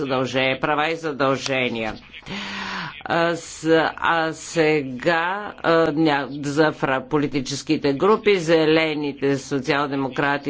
задължения, права и задължения. А, сега за политическите групи, зелените, социал-демократи,